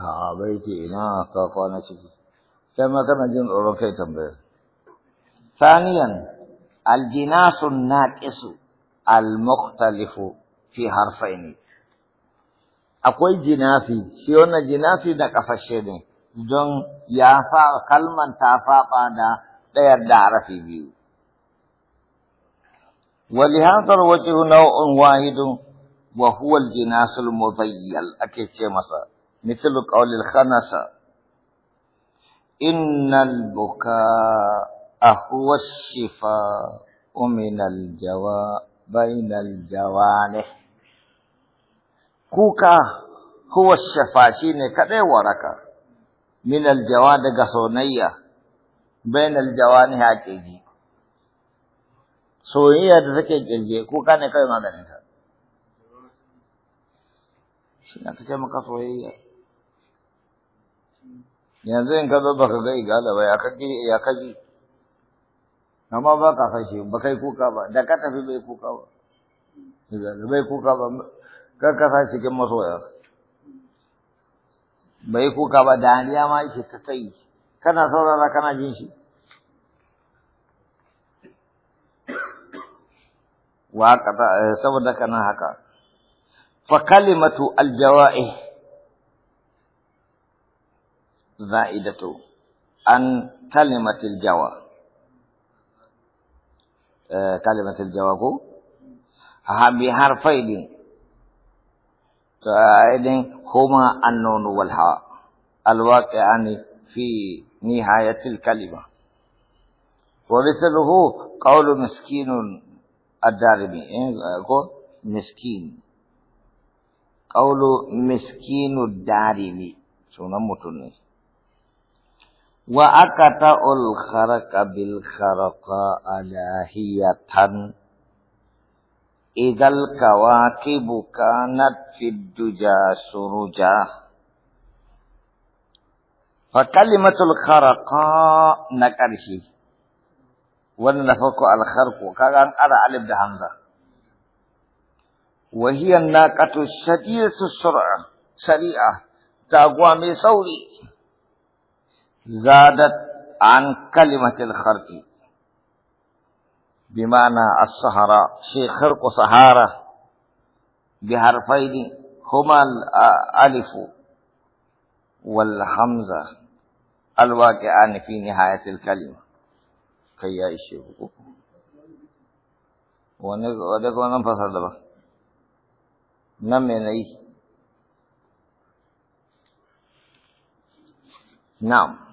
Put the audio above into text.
a baiti ina ka kwana ciki sai ma kana jin tsoron kai tambayar ثانيا الجناس الناقص المختلف في حرفين akwai jinasi shi wannan jinasi da kasashe ne don ya fa kalman ta faɓa da ɗayar da harafi biyu ولهذا الوجه نوع واحد وهو الجناس المضيل ake ce masa مثل قول الخنس إن البكاء هو الشفاء من الجواء بين الجوانح كوكا هو الشفاء شيني كده وركه من الجوا دغه بين الجوانح کېږي سوية ذكي جلجي كوكا کو ما دنه شنو څه مکه yanzu in ka zo baka ga igala ba ya kaji ya kaji amma ba ka fashe ba kai kuka ba da ka tafi bai kuka ba igala bai kuka ba kar ka sa cikin masoya bai kuka ba dariya ma yake ta tai kana saurara kana jin shi wa eh, saboda kana haka fa kalimatu aljawa'i زائدة عن كلمة الجواب آه، كلمة الجواب بحرفين فإذن هما النون والهاء الواقعان في نهاية الكلمة ومثله قول مسكين الدارمي إيه، مسكين قول مسكين الدارمي سنة متنين وأقطع الخرق بالخرقاء هِيَةً إذا الكواكب كانت في الدجى سرجا فكلمة الخرقاء نكره ونفق الخرق كان أرى ألف بحمزة وهي الناقة الشديدة السرعة سريعة تقوى صوري زادت عن كلمة الخرق بمعنى الصحراء شيء خرق صحارة بحرفين هما الألف والحمزة الواقعان في نهاية الكلمة كي يعيش ونقول ننفصل دبا نمي نعم